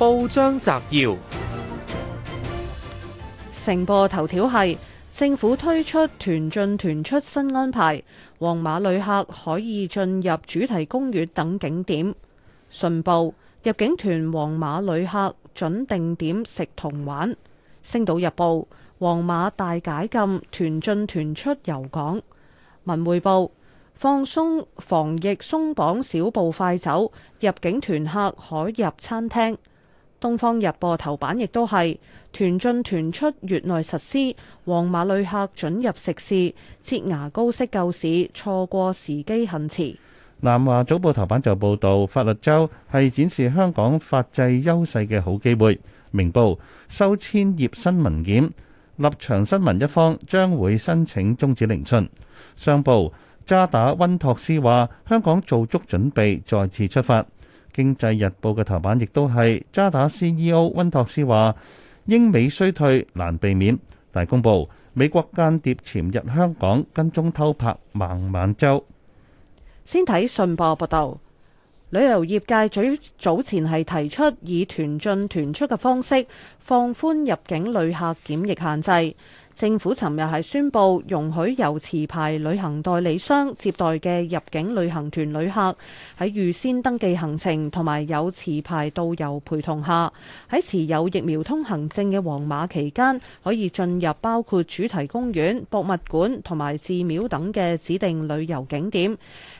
報章摘要：成報頭條係，政府推出團進團出新安排，黃碼旅客可以進入主題公園等景點。信報，入境團黃碼旅客准定點食同玩。星島日報，黃碼大解禁，團進團出遊港。文匯報，放鬆防疫鬆綁小步快走，入境團客可入餐廳。《東方日報》頭版亦都係團進團出，月內實施，黃碼旅客準入食肆，切牙膏式救市，錯過時機行遲。《南華早報》頭版就報道，法律周係展示香港法制優勢嘅好機會。《明報》收簽業新文件，立場新聞一方將會申請終止聆訊。《商報》渣打溫托斯話：香港做足準備，再次出發。《經濟日報》嘅頭版亦都係，渣打 CEO 温托斯話：英美衰退難避免。大公報，美國間諜潛入香港跟蹤偷拍孟晚舟。先睇信報報道，旅遊業界最早前係提出以團進團出嘅方式放寬入境旅客檢疫限制。政府尋日係宣布容許由持牌旅行代理商接待嘅入境旅行團旅客喺預先登記行程同埋有持牌導遊陪同下，喺持有疫苗通行證嘅黃碼期間，可以進入包括主題公園、博物館同埋寺廟等嘅指定旅遊景點，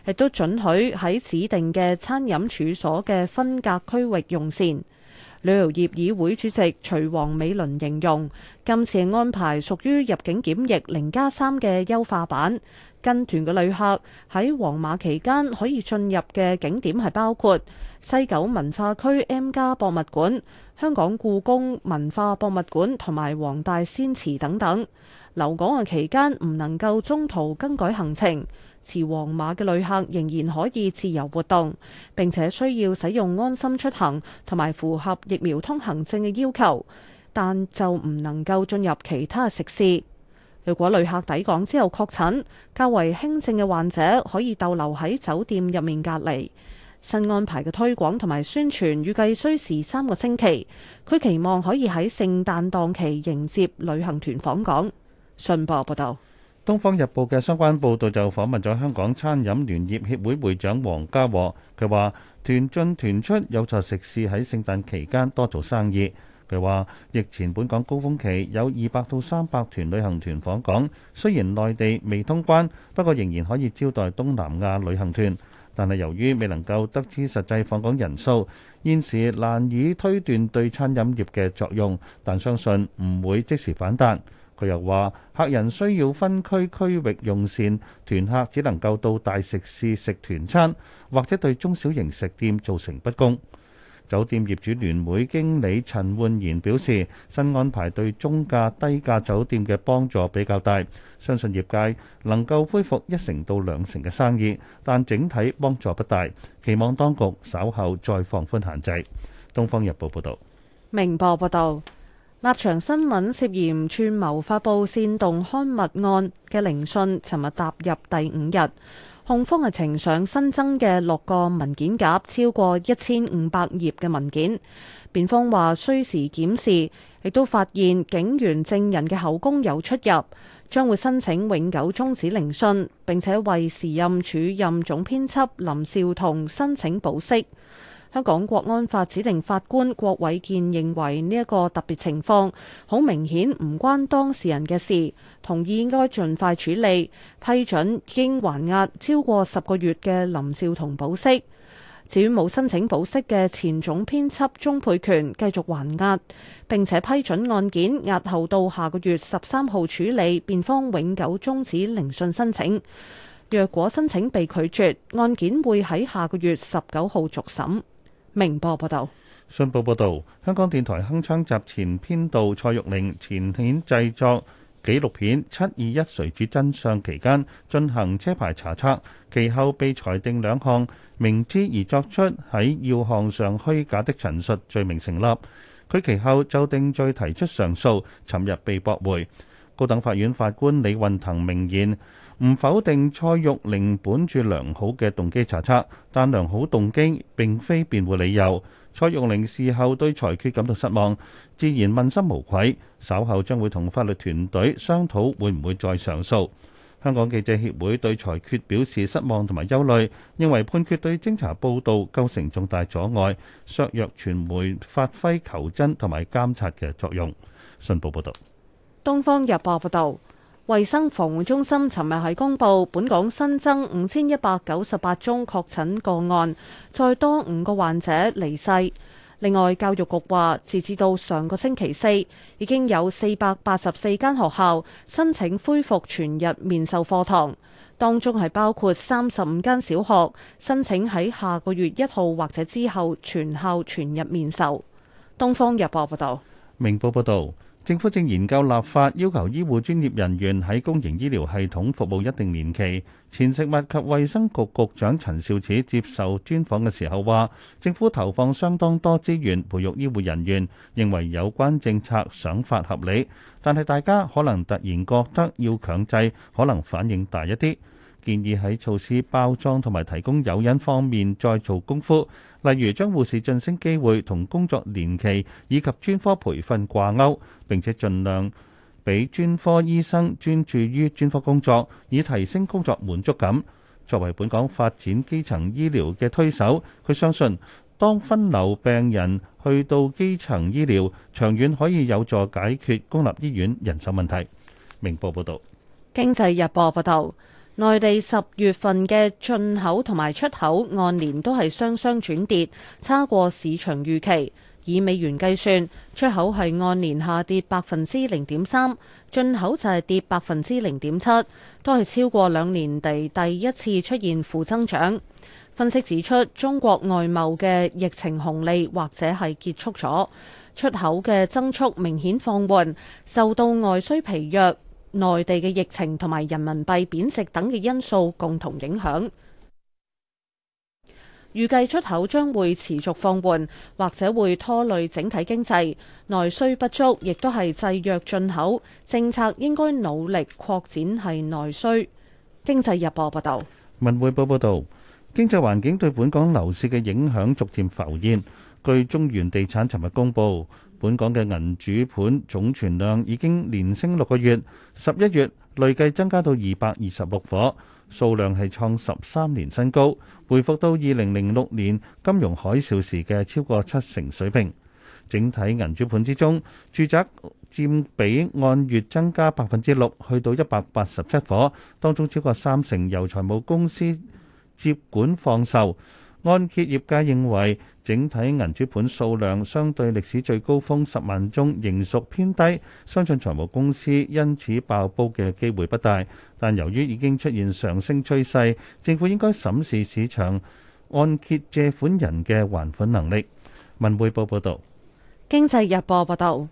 亦都准許喺指定嘅餐飲處所嘅分隔區域用膳。旅遊業議會主席徐王美倫形容，今次安排屬於入境檢疫零加三嘅優化版。跟團嘅旅客喺黃碼期間可以進入嘅景點係包括西九文化區 M+ 博物館、香港故宮文化博物館同埋黃大仙祠等等。留港嘅期間唔能夠中途更改行程，持黃碼嘅旅客仍然可以自由活動，並且需要使用安心出行同埋符合疫苗通行證嘅要求，但就唔能夠進入其他食肆。如果旅客抵港之後確診，較為輕症嘅患者可以逗留喺酒店入面隔離。新安排嘅推廣同埋宣傳預計需時三個星期。佢期望可以喺聖誕檔期迎接旅行團訪港。信報、啊、報道，《東方日報》嘅相關報導就訪問咗香港餐飲聯業協會會，會長黃家和，佢話：團進團出有助食肆喺聖誕期間多做生意。佢話：疫前本港高峯期有二百到三百團旅行團訪港，雖然內地未通關，不過仍然可以招待東南亞旅行團。但係由於未能夠得知實際訪港人數，現時難以推斷對餐飲業嘅作用，但相信唔會即時反彈。佢又話：客人需要分區區域用膳，團客只能夠到大食肆食團餐，或者對中小型食店造成不公。酒店業主聯會經理陳換然表示，新安排對中價低價酒店嘅幫助比較大，相信業界能夠恢復一成到兩成嘅生意，但整體幫助不大。期望當局稍後再放寬限制。《東方日報》報道，明報報道，立場新聞涉嫌串謀發布煽動刊物案嘅聆訊，尋日踏入第五日。控方係呈上新增嘅六個文件夾，超過一千五百頁嘅文件。辯方話需時檢視，亦都發現警員證人嘅口供有出入，將會申請永久終止聆訊，並且為時任署任總編輯林少彤申請保釋。香港國安法指定法官郭偉健認為呢一個特別情況好明顯唔關當事人嘅事，同意應該盡快處理，批准已還押超過十個月嘅林紹桐保釋，至於冇申請保釋嘅前總編輯鍾沛權繼續還押，並且批准案件押後到下個月十三號處理。辯方永久終止聆訊申請，若果申請被拒絕，案件會喺下個月十九號續審。明報報道，信報報道，香港電台鏗鏘集前編導蔡玉玲前年製作紀錄片《七二一誰主真相》期間進行車牌查冊，其後被裁定兩項明知而作出喺要項上虛假的陳述罪名成立，佢其後就定罪提出上訴，尋日被駁回。高等法院法官李運騰明言。唔否定蔡玉玲本住良好嘅動機查冊，但良好動機並非辯護理由。蔡玉玲事後對裁決感到失望，自然問心無愧。稍後將會同法律團隊商討會唔會再上訴。香港記者協會對裁決表示失望同埋憂慮，認為判決對偵查報道構成重大阻礙，削弱傳媒發揮求真同埋監察嘅作用。信報報導，東方日報報導。衛生防護中心尋日係公佈，本港新增五千一百九十八宗確診個案，再多五個患者離世。另外，教育局話，截至到上個星期四，已經有四百八十四間學校申請恢復全日面授課堂，當中係包括三十五間小學申請喺下個月一號或者之後全校全日面授。東方日報報道。明報報道。政府正研究立法，要求醫護專業人員喺公營醫療系統服務一定年期。前食物及衛生局局長陳肇始接受專訪嘅時候話，政府投放相當多資源培育醫護人員，認為有關政策想法合理，但係大家可能突然覺得要強制，可能反應大一啲。建議喺措施包裝同埋提供誘因方面再做功夫，例如將護士晉升機會同工作年期以及專科培訓掛鈎，並且盡量俾專科醫生專注於專科工作，以提升工作滿足感。作為本港發展基層醫療嘅推手，佢相信當分流病人去到基層醫療，長遠可以有助解決公立醫院人手問題。明報報道，《經濟日報》報道。內地十月份嘅進口同埋出口按年都係雙雙轉跌，差過市場預期。以美元計算，出口係按年下跌百分之零點三，進口就係跌百分之零點七，都係超過兩年嚟第一次出現負增長。分析指出，中國外貿嘅疫情紅利或者係結束咗，出口嘅增速明顯放緩，受到外需疲弱，內地嘅疫情同埋人民幣貶值等嘅因素共同影響，預計出口將會持續放緩，或者會拖累整體經濟。內需不足，亦都係制約進口，政策應該努力擴展係內需。經濟日報報道。文匯報報道，經濟環境對本港樓市嘅影響逐漸浮現。據中原地產尋日公佈。本港嘅銀主盤總存量已經連升六個月，十一月累計增加到二百二十六夥，數量係創十三年新高，回復到二零零六年金融海嘯時嘅超過七成水平。整體銀主盤之中，住宅佔比按月增加百分之六，去到一百八十七夥，當中超過三成由財務公司接管放售。按揭業界認為，整體銀主盤數量相對歷史最高峰十萬宗仍屬偏低，相信財務公司因此爆煲嘅機會不大。但由於已經出現上升趨勢，政府應該審視市場按揭借款人嘅還款能力。文匯報報道：經濟日報報道，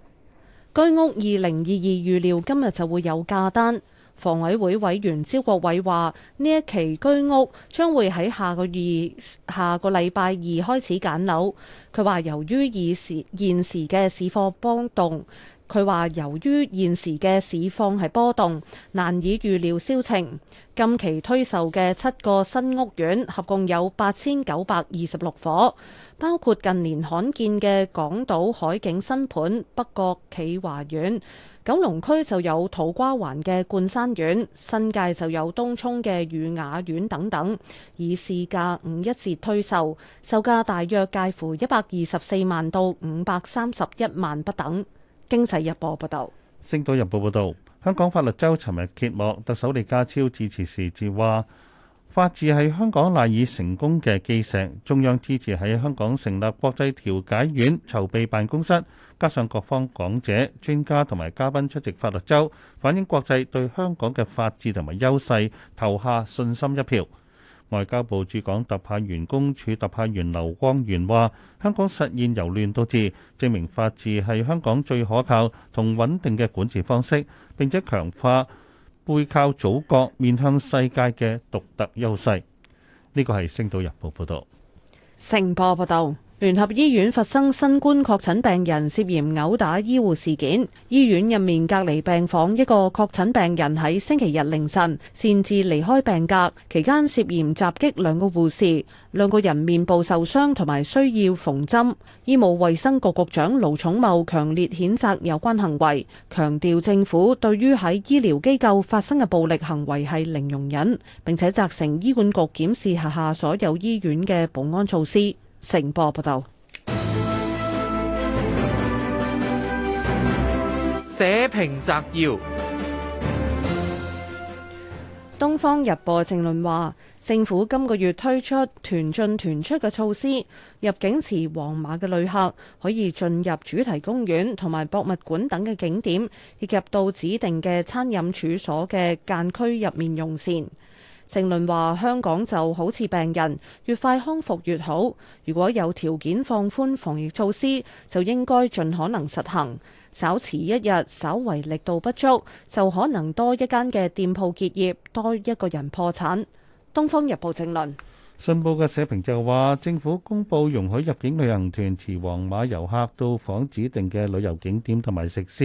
居屋二零二二預料今日就會有價單。房委會委員招國偉話：呢一期居屋將會喺下個月下個禮拜二開始揀樓。佢話由於現時嘅市況波動，佢話由於現時嘅市況係波動，難以預料銷情。今期推售嘅七個新屋苑合共有八千九百二十六伙。包括近年罕見嘅港島海景新盤北角企華苑，九龍區就有土瓜灣嘅冠山苑，新界就有東涌嘅御雅苑等等，以市價五一折推售，售價大約介乎一百二十四萬到五百三十一萬不等。經濟日報報道：星島日報報道，香港法律週尋日揭幕，特首李家超致辭時話。法治係香港賴以成功嘅基石，中央支持喺香港成立國際調解院籌備辦公室，加上各方講者、專家同埋嘉賓出席法律周，反映國際對香港嘅法治同埋優勢，投下信心一票。外交部駐港特派員公署特派員劉光源話：香港實現由亂到治，證明法治係香港最可靠同穩定嘅管治方式，並且強化。背靠祖國面向世界嘅獨特優勢。呢個係《星島日報》報道，成報報道。聯合醫院發生新冠確診病人涉嫌毆打醫護事件。醫院入面隔離病房一個確診病人喺星期日凌晨擅自離開病格，期間，涉嫌襲擊兩個護士，兩個人面部受傷同埋需要縫針。醫務衛生局局長盧寵茂強烈譴責有關行為，強調政府對於喺醫療機構發生嘅暴力行為係零容忍，並且責成醫管局檢視轄下所有醫院嘅保安措施。成播報道，社評摘要：東方日報評論話，政府今個月推出團進團出嘅措施，入境持黃碼嘅旅客可以進入主題公園同埋博物館等嘅景點，以及到指定嘅餐飲處所嘅間區入面用膳。正論話，香港就好似病人，越快康復越好。如果有條件放寬防疫措施，就應該盡可能實行。稍遲一日，稍為力度不足，就可能多一間嘅店鋪結業，多一個人破產。東方日報正論，信報嘅社評就話，政府公布容許入境旅行團持黃碼遊客到訪指定嘅旅遊景點同埋食肆，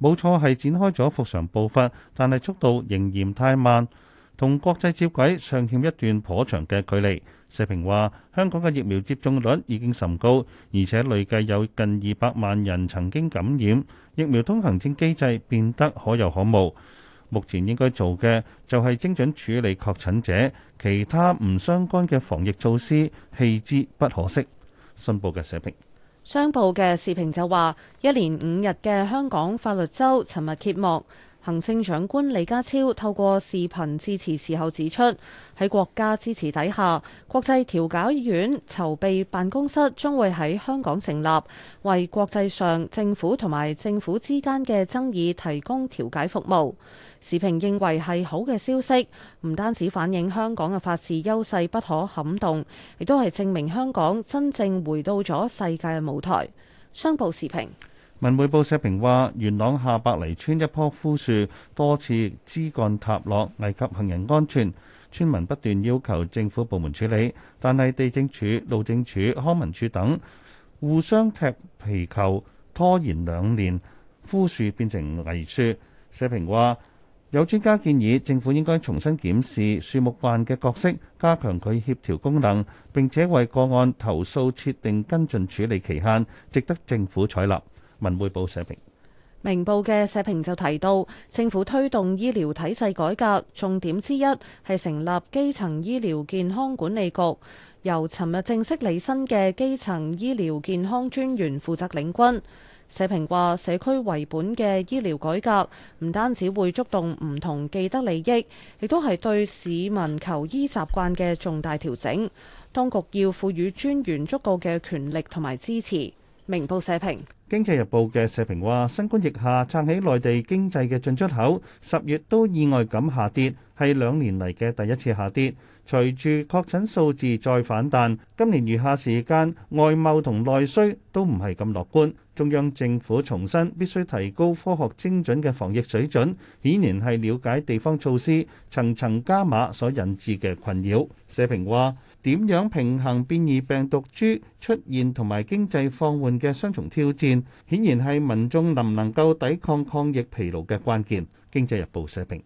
冇錯係展開咗復常步伐，但係速度仍然太慢。同國際接軌尚欠一段頗長嘅距離。社評話：香港嘅疫苗接種率已經甚高，而且累計有近二百萬人曾經感染，疫苗通行證機制變得可有可無。目前應該做嘅就係精準處理確診者，其他唔相關嘅防疫措施棄之不可惜。新報嘅社評，商報嘅視評就話：一連五日嘅香港法律周，尋日揭幕。行政長官李家超透過視頻致辭時候指出，喺國家支持底下，國際調解院籌備辦公室將會喺香港成立，為國際上政府同埋政府之間嘅爭議提供調解服務。時評認為係好嘅消息，唔單止反映香港嘅法治優勢不可撼動，亦都係證明香港真正回到咗世界嘅舞台。商報時評。文匯報社評話：元朗下白泥村一棵枯樹多次枝幹塌落，危及行人安全。村民不斷要求政府部門處理，但係地政署、路政署、康文署等互相踢皮球，拖延兩年，枯樹變成泥樹。社評話：有專家建議政府應該重新檢視樹木辦嘅角色，加強佢協調功能，並且為個案投訴設定跟進處理期限，值得政府採納。文匯報社評，明報嘅社評就提到，政府推動醫療體制改革，重點之一係成立基層醫療健康管理局，由尋日正式履新嘅基層醫療健康專員負責領軍。社評話，社區為本嘅醫療改革唔單止會觸動唔同既得利益，亦都係對市民求醫習，習慣嘅重大調整。當局要賦予專員足夠嘅權力同埋支持。明報社評經濟日報嘅社評話新冠疫情下撐起內地經濟嘅進出口十月都意外咁下跌係兩年嚟嘅第一次下跌隨住確診數字再反彈今年餘下時間外貿同內需都唔係咁樂觀中央政府重申必須提高科學精準嘅防疫水準顯然係了解地方措施層層加碼所引致嘅困擾社評話點樣平衡變異病毒株出現同埋經濟放緩嘅雙重挑戰，顯然係民眾能唔能夠抵抗抗疫疲勞嘅關鍵。經濟日報社評。